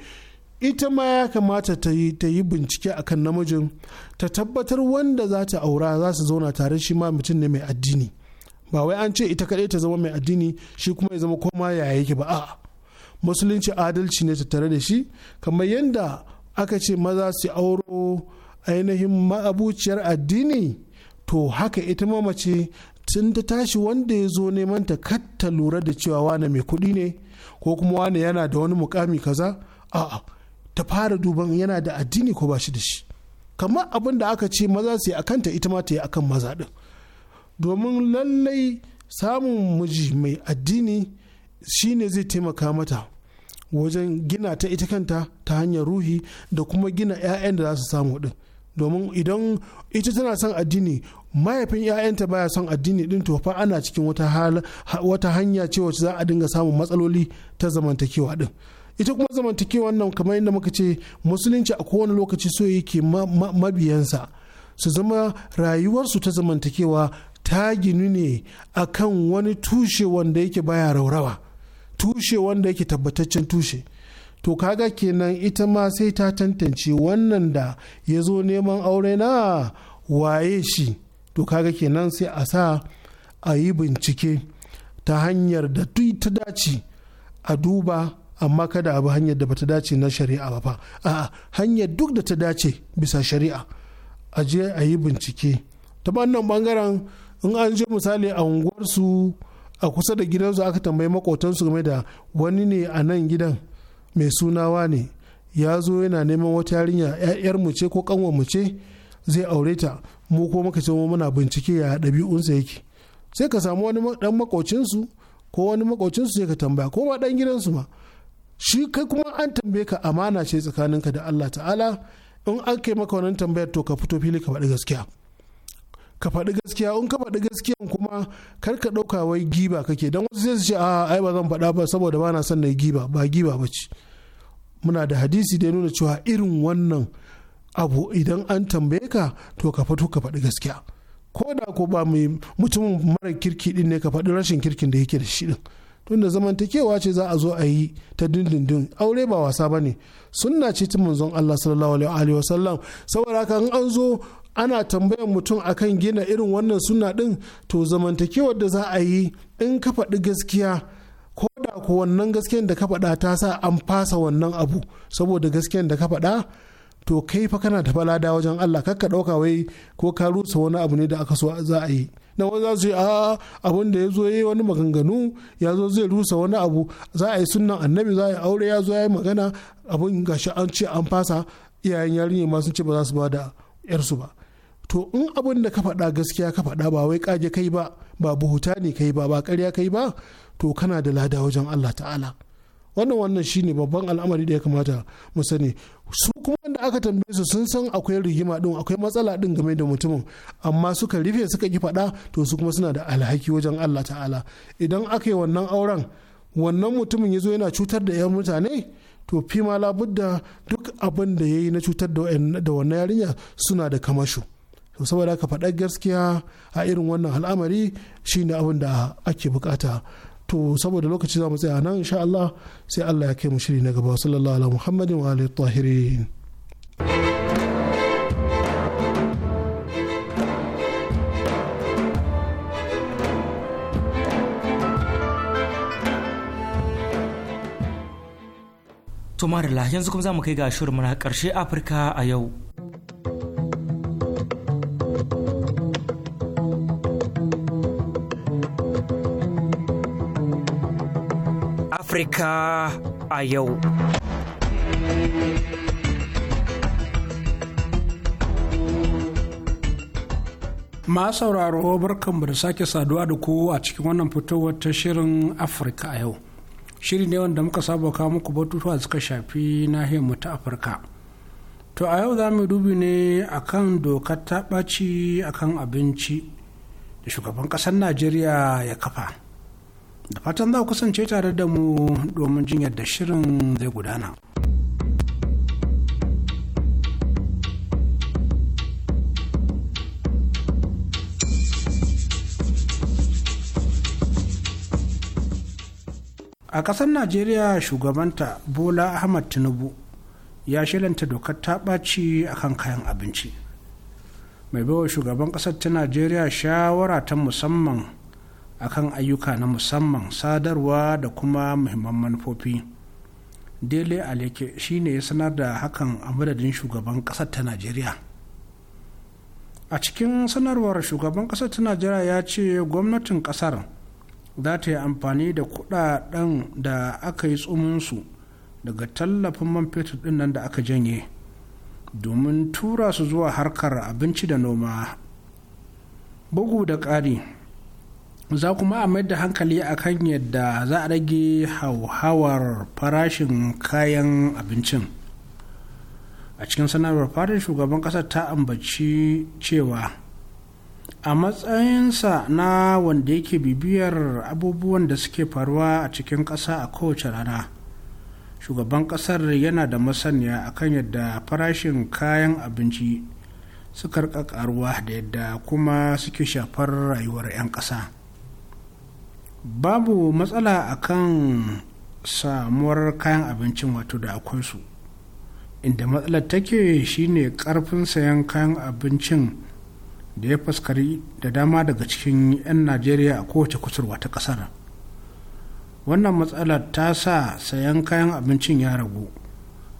S13: ita ma ya kamata ta yi ta yi bincike akan namijin ta tabbatar wanda za ta aura za su zauna tare shi ma mutum ne mai addini ba wai an ce ita kaɗai ta zama mai addini shi kuma ya zama koma ya yake ba a'a musulunci adalci ne ta tare da shi kamar yadda aka ce maza su auro ainihin ma'abuciyar addini to haka ita ma mace tun ta tashi wanda ya zo neman ta ta lura da cewa wane mai kuɗi ne ko kuma wane yana da wani mukami kaza a'a ta fara duban yana da addini ko ba shi da shi kamar abin da aka ce maza su yi kanta ta ita ma ta yi akan maza ɗin domin lallai samun miji mai addini shine zai taimaka mata wajen gina ta ita kanta ta hanyar ruhi da kuma gina 'ya'yan da za su samu ɗin domin idan ita tana son addini mahaifin 'ya'yanta baya son addini ɗin to fa ana cikin wata hanya ce za a dinga samun matsaloli ta zamantakewa ɗin. ita kuma zamantakewar nan kamar yadda muka ce musulunci a kowane lokaci so yake mabiyansa su zama rayuwarsu ta zamantakewa ta ginu ne a kan wani tushe wanda yake baya raurawa tushe wanda yake tabbataccen tushe to kaga kenan ita ma sai ta tantance wannan da ya zo neman aure na waye shi to kaga kenan sai a sa a yi bincike ta hanyar da ta dace a duba amma kada abu hanyar da bata dace na shari'a ba fa a hanyar duk da ta dace bisa shari'a a je a yi bincike ta bannan bangaren in an je misali a unguwarsu a kusa da gidansu aka tambayi makotansu game da wani ne a nan gidan mai sunawa ne ya zo yana neman wata yarinya yar mu ce ko kanwa mu ce zai aure ta mu ko muka ce muna bincike ya ɗabi'unsa yake sai ka samu wani dan makocinsu ko wani makocinsu sai ka tambaya ko ma dan gidansu ma shi kai kuma an tambaye ka amana ce tsakaninka da Allah ta'ala in an kai maka wannan tambayar to ka fito fili ka faɗi gaskiya ka faɗi gaskiya in ka faɗi gaskiya kuma kar ka ɗauka wai giba kake don wasu zai ce a ai ba zan faɗa ba saboda ba na son na giba ba giba ba ce muna da hadisi da nuna cewa irin wannan abu idan an tambaye ka to ka fito ka faɗi gaskiya ko da ko ba mutumin mara kirki din ne ka faɗi rashin kirkin da yake da shi din tunda zamantakewa ce za a zo a yi ta dindindin aure ba wasa ba ne sunna ce ta manzon Allah sallallahu alaihi wa sallam saboda haka an zo ana tambayan mutum akan gina irin wannan suna din to zamantakewa da za a yi in ka faɗi gaskiya ko da ko wannan gaskiyar da ka faɗa ta sa an fasa wannan abu saboda gaskiyar da ka faɗa to kai fa kana da falada wajen Allah kakka ɗauka wai ko ka rusa wani abu ne da aka so za a yi na wani za su yi a abin da ya zo yi wani maganganu ya zo zai rusa wani abu za a yi sunan annabi za a yi aure ya zo ya yi magana abin gashi an ce an fasa iyayen yarinya ma sun ce ba za su ba da yarsu ba to in abin da ka faɗa gaskiya ka faɗa ba wai kaje kai ba ba buhuta ne kai ba ba ƙarya kai ba to kana da lada wajen Allah ta'ala wannan wannan shine babban al'amari da ya kamata mu sani su kuma wanda aka tambaye su sun san akwai rigima din akwai matsala din game da mutumin amma suka rufe suka ki faɗa to su kuma suna da alhaki wajen Allah ta'ala idan aka yi wannan auren wannan mutumin ya zo yana cutar da 'yan mutane to fi ma labudda duk abin da ya yi na cutar da wannan yarinya suna da kamashu to saboda ka faɗa gaskiya a irin wannan al'amari shine abin da ake bukata to saboda lokaci za mu tsaya nan insha Allah sai Allah ya kai mu shiri na gaba sallallahu alaihi Muhammadin wa alihi tahirin
S3: To yanzu kuma za mu kai ga shirin na karshe Afirka a yau. Afrika a yau.
S5: Ma sauraro barkanmu da sake saduwa da ku a cikin wannan fitowar ta shirin Afirka a yau. Shiri ne wanda muka saba kawo muku batutuwa da suka shafi nahiyarmu ta Afirka. To a yau za mu dubi ne akan dokar ta ɓaci akan abinci da shugaban ƙasar Najeriya ya kafa. da fatan za ku kasance tare da mu domin jin yadda shirin zai gudana. a ƙasar najeriya shugabanta bola ahmad tinubu ya shirinta dokar ta ɓaci a kan kayan abinci mai baiwa shugaban ƙasar ta najeriya shawara ta musamman akan ayyuka na musamman sadarwa da kuma muhimman manufofi dele aleke shine ya sanar da hakan a madadin shugaban kasar ta najeriya a cikin sanarwar shugaban kasar ta najeriya ya ce gwamnatin kasar za ta yi amfani da kudaden da aka yi tsumunsu daga tallafin man fetur din nan da aka janye domin tura su zuwa harkar abinci da noma bugu da ƙari za kuma a mai da hankali akan yadda za a rage hauhawar farashin kayan abincin a cikin sanarwar fadar shugaban ƙasar ta ambaci cewa a matsayinsa na wanda yake bibiyar abubuwan da suke faruwa a cikin ƙasa a kowace rana shugaban ƙasar yana da masaniya akan yadda farashin kayan abinci suka karuwa da yadda kuma suke shafar rayuwar 'yan ƙasa. babu matsala a kan samuwar kayan abincin wato da akwai su inda matsalar take shine karfin sayan kayan abincin da ya faskari da dama daga cikin 'yan najeriya a kowace kusurwa ta kasar wannan matsalar ta sa sayan kayan abincin ya ragu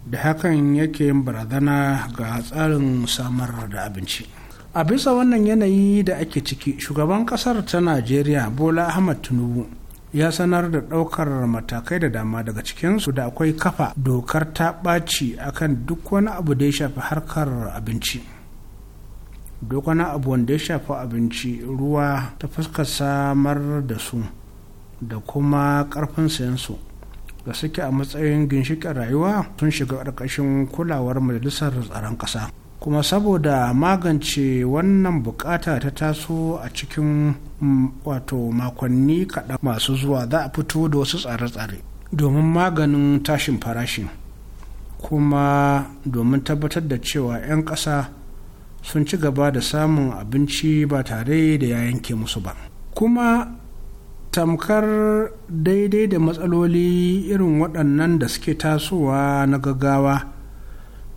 S5: da hakan yake yin barazana ga tsarin samar da abinci a bisa wannan yanayi da ake ciki shugaban kasar ta najeriya bola ahmad tinubu ya sanar da ɗaukar matakai da dama daga cikinsu da akwai kafa dokar ta ɓaci akan duk wani abu da ya shafi harkar abinci duk wani abu wanda ya shafi abinci ruwa ta fuskar samar da su da kuma ƙarfin sayansu da suke a matsayin ginshiƙin rayuwa sun shiga ƙarƙashin kulawar majalisar tsaron ƙasa kuma saboda magance wannan bukata ta taso a cikin mm, wato makonni kaɗan masu zuwa za a fito da wasu tsare-tsare domin maganin tashin farashin kuma domin tabbatar da cewa 'yan ƙasa sun ci gaba da samun abinci ba tare da ya yanke musu ba kuma tamkar daidai da matsaloli irin waɗannan da suke tasowa na gaggawa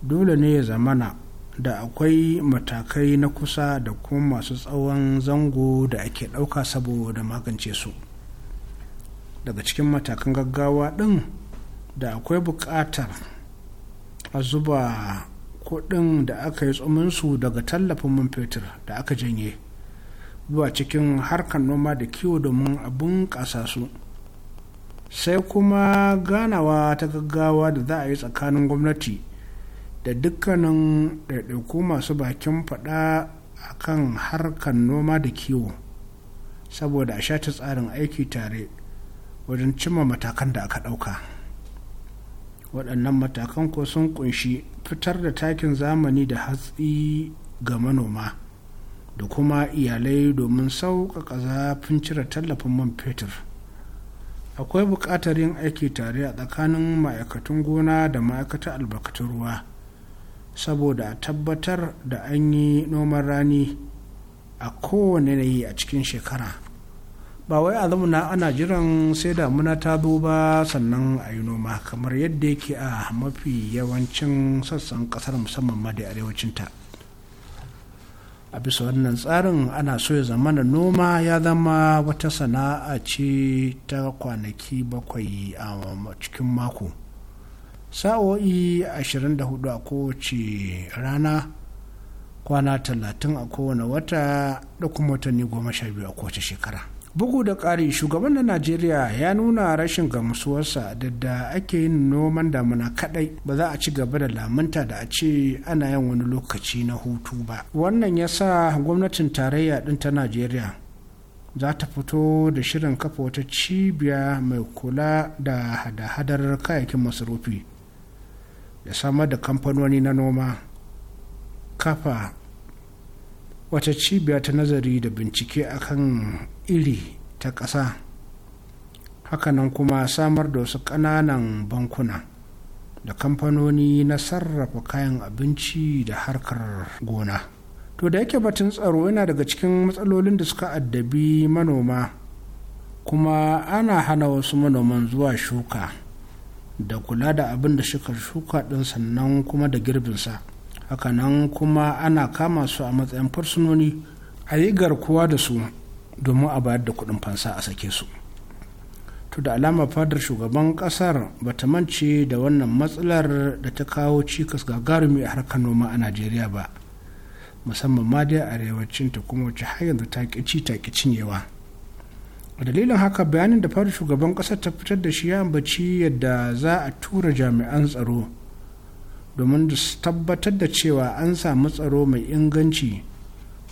S5: dole ne ya zamana da akwai matakai na kusa da kuma masu tsawon zango da ake ɗauka saboda magance su daga cikin matakan gaggawa ɗin da akwai buƙatar a zuba kuɗin da aka yi su daga tallafin man fetur da aka janye zuwa cikin harkar noma da kiwo domin abin bunƙasa su sai kuma ganawa ta gaggawa da za a yi tsakanin gwamnati da dukkanin ɗaiɗaiku masu bakin faɗa a kan harkar noma da kiwo saboda a shata tsarin aiki tare wajen cimma matakan da aka ɗauka waɗannan matakan ko sun kunshi fitar da takin zamani da hatsi ga manoma da kuma iyalai domin sauƙaƙa zafin cire tallafin man fetur akwai buƙatar yin aiki tare a tsakanin ma'aikatan gona da ma'aikatan albarkatun ruwa saboda a tabbatar da an yi noman rani a kowane yanayi a cikin shekara ba wai a zamana ana jiran sai da damuna ta zo ba sannan a yi noma kamar yadda yake a mafi yawancin sassan kasar musamman ma da arewacin ta a bisa wannan tsarin ana so ya zamana noma ya zama wata sana'a ce ta kwanaki bakwai a cikin mako sa'o'i 24 a kowace rana kwana 30 a kowane wata da kuma watanni 12 a kowace shekara bugu da ƙari shugaban na najeriya ya nuna rashin gamsuwarsa da da ake yin noman damuna kadai ba za a ci gaba da lamunta da a ce ana yin wani lokaci na hutu ba wannan ya sa gwamnatin tarayya ɗin ta najeriya za ta fito da shirin kafa wata cibiya mai kula da hada-hadar kayayyakin masarufi da samar da kamfanoni na noma kafa wata cibiya ta nazari da bincike akan iri ta ƙasa hakanan kuma samar da wasu ƙananan bankuna da kamfanoni na sarrafa kayan abinci da harkar gona to da yake batun tsaro yana daga cikin matsalolin da suka addabi manoma kuma ana hana wasu manoman zuwa shuka da kula da abin da suka shuka ɗin sannan kuma da girbinsa hakanan kuma ana kama su a matsayin fursunoni a yi garkuwa da su domin a bayar da kudin fansa a sake su to da alama fadar shugaban kasar ba ta mance da wannan matsalar da ta kawo cikas gagarumi a harkar noma a najeriya ba musamman ma dai arewacin ta kuma wacce har yanzu ta ƙici ta ƙi cinyewa a dalilin haka bayanin da fara shugaban kasar ta fitar da shi ya ambaci yadda za a tura jami'an tsaro domin da tabbatar da cewa an samu tsaro mai inganci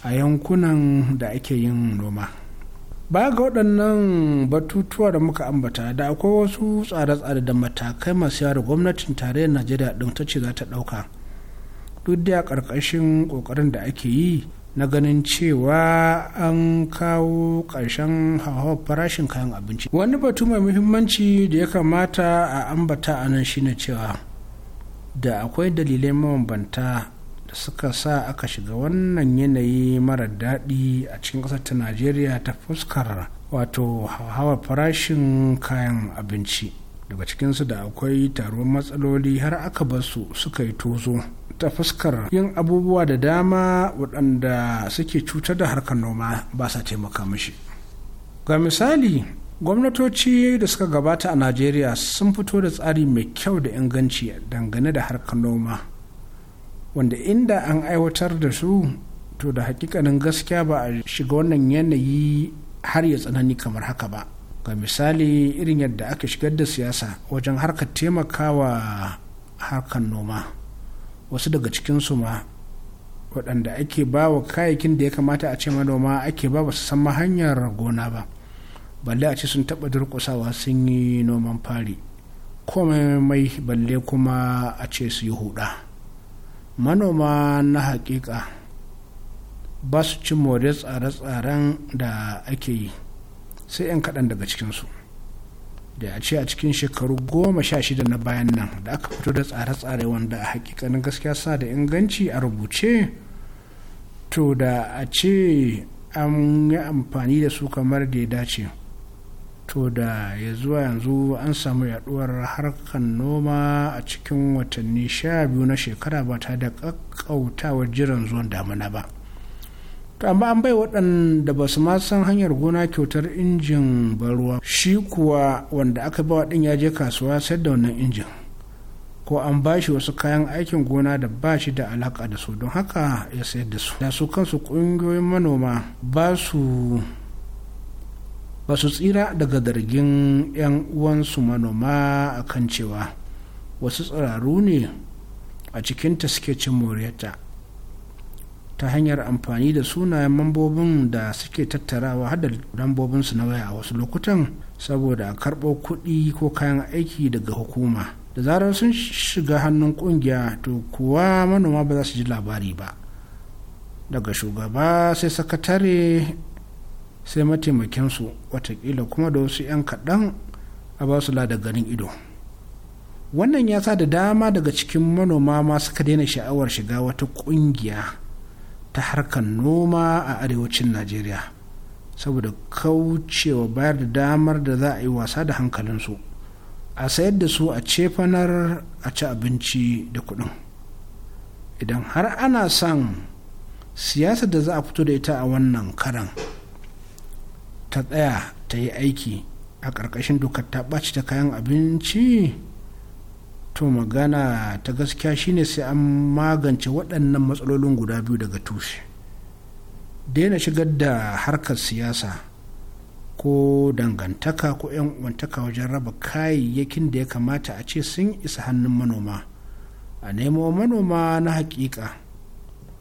S5: a yankunan da ake yin noma ba ga waɗannan batutuwa da muka ambata da akwai wasu tsare-tsare da matakai masu yawa da gwamnatin tarayyar najeriya ɗin ta ce za ta ɗauka duk da ƙarƙashin ƙoƙarin da ake yi na ganin cewa an kawo ƙarshen hauhawar farashin kayan abinci wani batu mai muhimmanci da ya kamata a ambata a nan shine cewa da akwai dalilai mabambanta da suka sa aka shiga wannan yanayi mara daɗi a cikin ƙasar ta najeriya ta fuskar wato hauhawar farashin kayan abinci daga cikinsu da akwai taruwar matsaloli har aka su suka yi tozo ta fuskar yin abubuwa da dama waɗanda suke cutar da harkar noma ba sa taimaka mishi ga misali gwamnatoci da suka gabata a najeriya sun fito da tsari mai kyau da inganci dangane da harkar noma wanda inda an aiwatar da su to da hakikanin gaskiya ba a shiga wannan yanayi har ya tsanani kamar haka ba ga misali irin yadda aka shigar da siyasa wajen harkar taimakawa harkar noma wasu daga cikinsu ma waɗanda ake ba wa kayayyakin da ya kamata a ce manoma ake ba ba su san hanyar gona ba balle a ce sun taɓa durƙusawa sun yi noman fari komai mai balle kuma a ce su yi huɗa manoma na haƙiƙa ba su ci more tsare-tsaren da ake yi sai 'yan kaɗan daga cikinsu da ya ce a cikin shekaru goma sha shida na bayan nan da aka fito da tsare-tsare wanda a hakikanin gaskiya sa da inganci a rubuce to da a ce an yi amfani da su kamar da ya dace to da ya zuwa yanzu an samu yaduwar harkar noma a cikin watanni sha biyu na shekara ba ta da ƙaƙƙautawar jiran zuwan damuna ba amma an bai waɗanda ba su ma san hanyar gona kyautar injin ban ruwa shi kuwa wanda aka bawa ɗin ya je kasuwa sayar da wannan injin ko an ba shi wasu kayan aikin gona da ba shi da alaka da su don haka ya sayar da su da su kansu ƙungiyoyin manoma ba su ba su tsira daga zargin 'yan uwansu manoma a kan cewa wasu tsiraru ne a cikinta suke cin moriyata ta hanyar amfani da sunayen mambobin da suke tattarawa da lambobinsu na waya a wasu lokutan saboda a karɓo kuɗi ko kayan aiki daga hukuma da zarar sun shiga hannun ƙungiya to kuwa manoma ba za su ji labari ba daga shugaba sai sakatare sai mataimakinsu watakila kuma da wasu 'yan kaɗan a ba su ganin ido wannan ya sa da dama daga cikin manoma ma suka daina sha'awar shiga wata ƙungiya ta harkar noma a arewacin najeriya saboda kaucewa bayar da damar da za a yi wasa da hankalinsu a sayar da su a cefanar a ci abinci da kuɗin idan har ana son siyasa da za a fito da ita a wannan karan ta tsaya ta yi aiki a ƙarƙashin dokar ta ɓaci ta kayan abinci to magana ta gaskiya shine sai an magance waɗannan matsalolin guda biyu daga tushe daina shigar da harkar siyasa ko dangantaka ko 'yan uwantaka wajen raba kayayyakin da ya kamata a ce sun isa hannun manoma a nemo manoma na hakika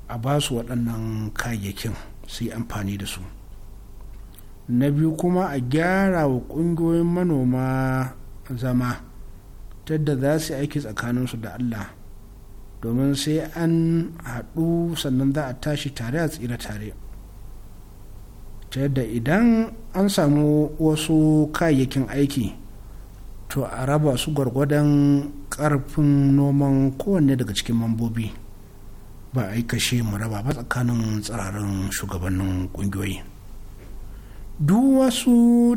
S5: a ba su waɗannan kayayyakin su yi amfani da su na biyu kuma a gyara wa ƙungiyoyin manoma zama ta yadda za su aiki tsakaninsu da allah domin sai an haɗu sannan za a tashi tare a tsira tare ta yadda idan an samu wasu kayayyakin aiki to a raba su gwargwadon ƙarfin noman kowanne daga cikin mambobi ba a yi kashe mu raba ba tsakanin tsirarin shugabannin ƙungiyoyi duk wasu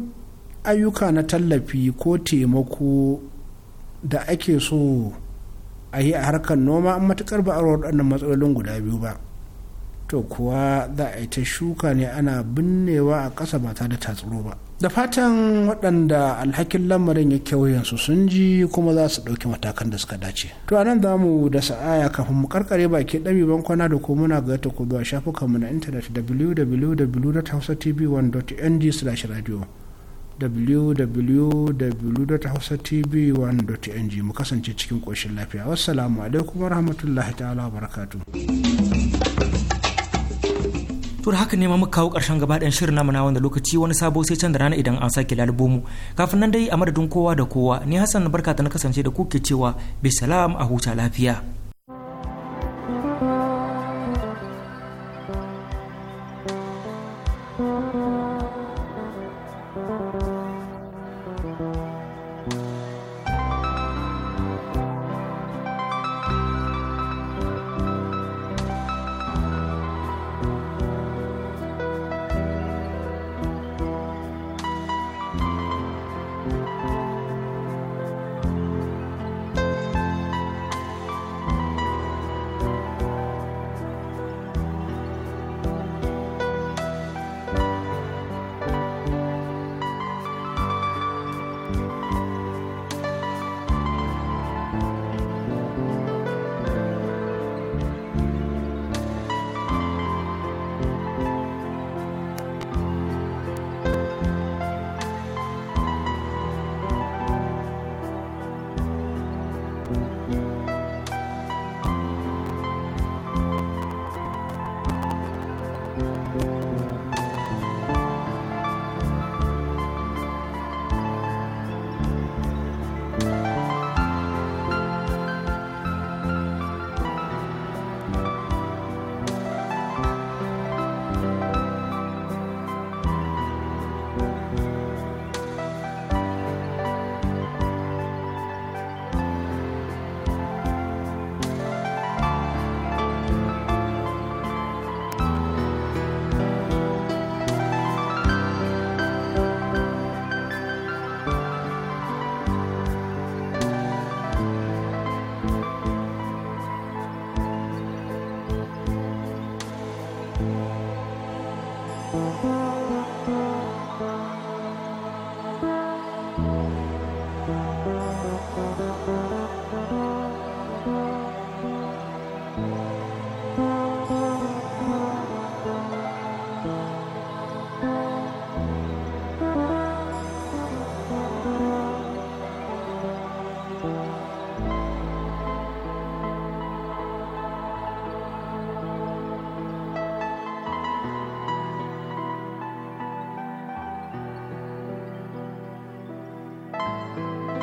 S5: ayyuka na tallafi ko taimako da ake so a yi a harkar noma an matukar ba a waɗannan matsalolin guda biyu ba to kuwa za a yi ta shuka ne ana binnewa a ƙasa ba da tatsuro ba da fatan waɗanda alhakin lamarin ya kewayensu sun ji kuma za su ɗauki matakan da suka dace to anan za mu da sa'aya kafin mu karkare baki ɗami ban kwana da kuma muna gata ku zuwa shafukanmu na intanet www.hausatv1.ng/radio www.hausatv1.ng mu kasance cikin ƙoshin lafiya wassalamu alaikum warahmatullahi ta'ala barakatu.
S3: tura haka ne ma muka kawo karshen gaba ɗayan shirin namu na wanda lokaci wani sabo sai can da rana idan an sake lalubo kafin nan dai a madadin kowa da kowa ni hassan barka ta na kasance da kuke cewa bisalam a huta lafiya.